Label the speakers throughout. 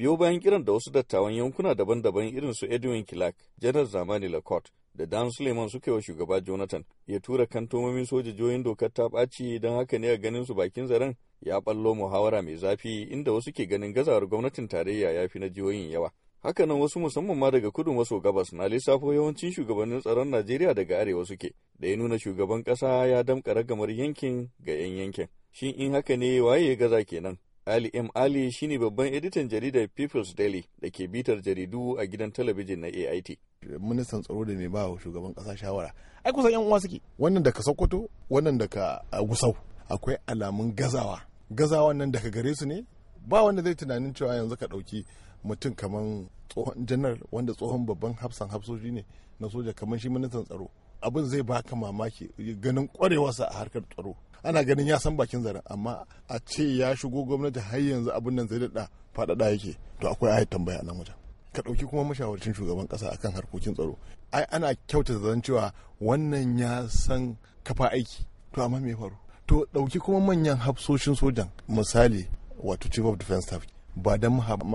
Speaker 1: biyo bayan kiran da wasu dattawan yankuna daban-daban irin su edwin clark janar zamani lacourt da dan suleiman suka yi wa shugaba jonathan ya tura kantomomin joyin dokar ta ɓaci don haka ne a ganin su bakin zaren ya ɓallo muhawara mai zafi inda wasu ke ganin gazawar gwamnatin tarayya ya fi na jihohin yawa Haka nan, wasu musamman ma daga kudu maso gabas na lissafo yawancin shugabannin tsaron najeriya daga arewa suke da ya nuna shugaban ƙasa ya damƙa ragamar yankin ga 'yan yankin shin in haka ne waye ya gaza kenan Ali M. Ali ne babban editan jaridar People's Daily da ke bitar jaridu a gidan talabijin na AIT.
Speaker 2: Ministan tsaro da ne ba shugaban kasa shawara. Ai kusan yan uwa suke. Wannan da ka Sokoto, wannan da ka uh, Gusau. Akwai alamun gazawa. Gazawan nan daga gare su ne? Ba wanda zai tunanin cewa yanzu ka ɗauki mutum kamar tsohon janar wanda tsohon babban hafsan hafsoshi ne na soja kamar shi ministan tsaro. Abin zai baka mamaki ganin kwarewarsa a harkar tsaro. ana ganin ya san bakin zaren amma a ce ya shigo gwamnati har yanzu abin nan zai daɗa faɗaɗa yake to akwai ayat tambaya a nan wajen ka ɗauki kuma mashawarcin shugaban ƙasa akan harkokin tsaro ai ana kyauta zan cewa wannan ya san kafa aiki to amma me faru to ɗauki kuma manyan hafsoshin sojan misali wato chief of defense staff ba dan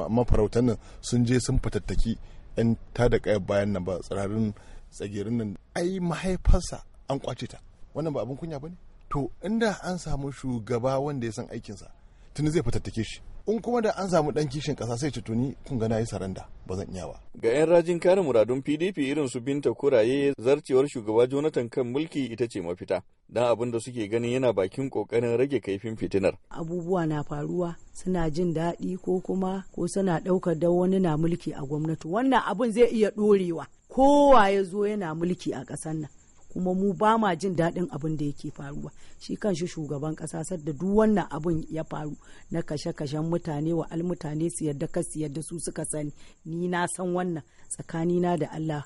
Speaker 2: mafarautan nan sun je sun fatattaki yan tada kayan bayan nan ba tsirarin tsagerin nan ai mahaifarsa an kwace ta wannan ba abin kunya ba ne to inda an samu shugaba wanda ya san aikinsa tuni zai fatattake shi in kuma da an samu dan kishin kasa sai tuni kun ga nayi saranda ba zan iya ba
Speaker 1: ga yan rajin kare muradun PDP irin su Binta Kuraye zarcewar shugaba Jonathan kan mulki ita ce mafita dan abin da suke ganin yana bakin kokarin rage kaifin fitinar
Speaker 3: abubuwa na faruwa suna jin daɗi ko kuma ko suna daukar da wani na mulki a gwamnati wannan abun zai iya ɗorewa kowa ya zo yana mulki a ƙasar nan kuma mu ba ma jin daɗin abin da yake faruwa shi kan shi shugaban ƙasa sadda duk wannan abin ya faru na kashe-kashen mutane wa al mutane su yadda ka su yadda su suka sani ni na san wannan tsakani na da Allah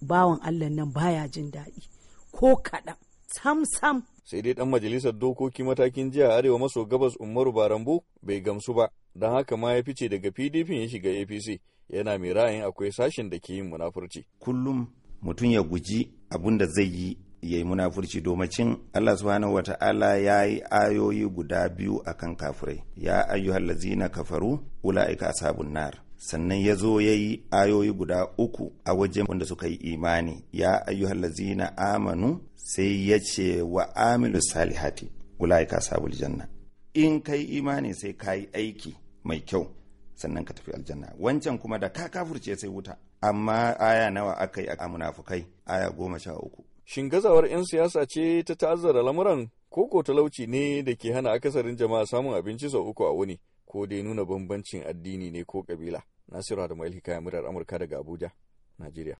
Speaker 3: bawan Allah nan baya jin daɗi ko kaɗan sam sam
Speaker 1: sai dai dan majalisar dokoki matakin jiya arewa maso gabas umaru barambo bai gamsu ba don haka ma ya fice daga pdp ya shiga apc yana mai ra'ayin akwai sashen da ke yin munafurci
Speaker 4: kullum mutum ya guji abun da zai yi ya yi munafurci domacin Allah subhanahu wata'ala ya yi ayoyi guda biyu a kan kafirai ya ayyu na kafaru ula'ika sabon nar sannan ya zo ya yi ayoyi guda uku a wajen wanda suka yi imani ya ayyu na amanu sai ya ce wa amilu salihati ula'ika sabon janna in kai imani sai ka yi aiki mai kyau sannan ka tafi aljanna wancan kuma da ka kafurce sai wuta amma aya nawa aka yi a munafukai aya goma sha uku
Speaker 1: shin gazawar 'yan siyasa ce ta ta'azzara lamuran ko talauci ne da ke hana akasarin jama'a samun abinci sau uku a wuni ko dai nuna bambancin addini ne ko kabila nasiru da mai hikaya murar amurka daga abuja najeriya